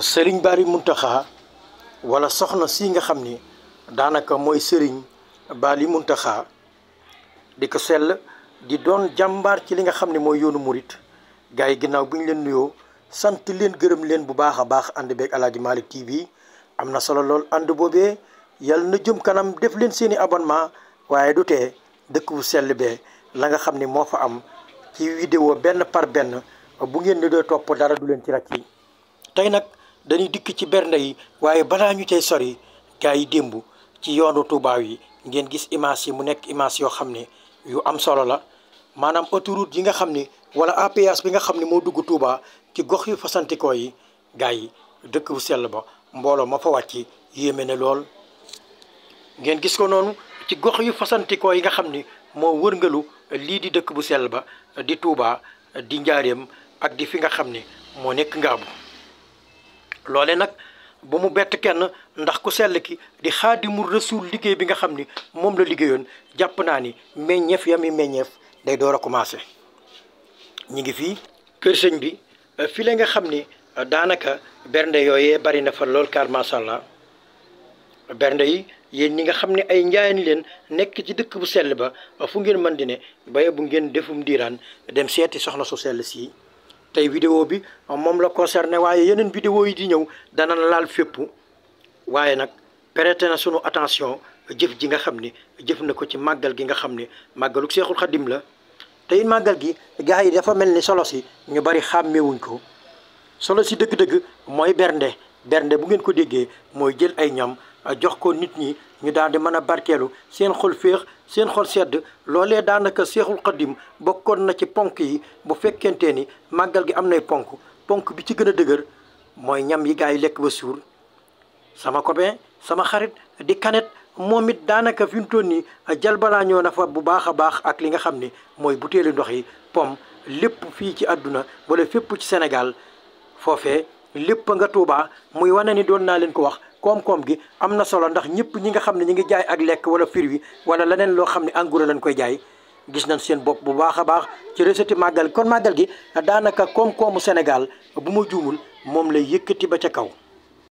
sëriñ Bari Muntaxa wala soxna si nga xam ni daanaka mooy sëriñ Bali Muntaxa di ko sell di doon jàmbaar ci li nga xam ne mooy yoonu murit gars yi ginnaaw bu ñu leen nuyoo sant leen gërëm leen bu baax a baax ànd beeg Aladji Malick TV am na solo lool ànd boobee yal na jëm kanam def leen seeni abonnement waaye du tee dëkk bu sell bee la nga xam ni moo fa am ci vidéo benn par benn bu ngeen ni doo topp dara du leen ci ràcc yi dañuy dikk ci bernde yi waaye balaa ñu cay sori gaa yi démb ci yoonu Touba yi ngeen gis image yi mu nekk image yoo xam ne yu am solo la maanaam autoroute yi nga xam ni wala APS bi nga xam ne moo dugg Touba ci gox yu fasantikoo yi gaa yi dëkk bu sell ba mbooloo ma fa wàcc yéeme ne lool ngeen gis ko noonu ci gox yu fasantikoo yi nga xam ni moo wërngalu lii di dëkk bu sell ba di Touba di njaareem ak di fi nga xam ni moo nekk nga ngaabu loole nag bu mu bett kenn ndax ku sell ki di xaadimu rasuul liggéey bi nga xam ni moom la liggéeyoon jàpp naa ni meññeef yami meññeef day door a commencé ñi ngi fii kër sëñ bi fi la nga xam ni daanaka bernde yooye bari na fa lool kaar allah bernde yi yéen ñi nga xam ni ay njaayeen leen nekk ci dëkk bu sell ba fu ngeen mën di ne baye bu ngeen defum diiraan dem seeti soxna su sell sii tey vidéo bi moom la concerné waaye yeneen vidéo yi di ñëw dana laal fépp waaye nag prêté na sunu attention jëf ji nga xam ni jëf na ko ci màggal gi nga xam ni màggalu Seexul Xadim la tey it màggal gi gars yi dafa mel ni solo si ñu bari xàmmewuñ ko solo si dëgg-dëgg mooy bernde bernde bu ngeen ko déggee mooy jël ay ñam jox ko nit ñi ñu daal di mën a barkeelu seen xol féex seen xol sedd loolee daanaka seexul xadim bokkoon na ci ponk yi bu fekkente ni màggal gi am nay ponk ponk bi ci gën a dëgër mooy ñam yi gaa yi lekk ba suur sama copain sama xarit di kanet moom it daanaka fi mu toll nii jalbalaa ñoo na fa bu baax a baax ak li nga xam ni mooy butéeli ndox yi pom lépp fii ci àdduna walla fépp ci senegal foofe lépp nga Tuubaa muy wane ni doon naa leen ko wax koom-koom gi am na solo ndax ñëpp ñi nga xam ne ñi ngi jaay ak lekk wala fir wi wala leneen loo xam ne en gros lañ koy jaay gis nañ seen bopp bu baax a baax ci recette màggal kon màggal gi daanaka koom-koomu Sénégal bu ma juumul moom lay yëkkati ba ca kaw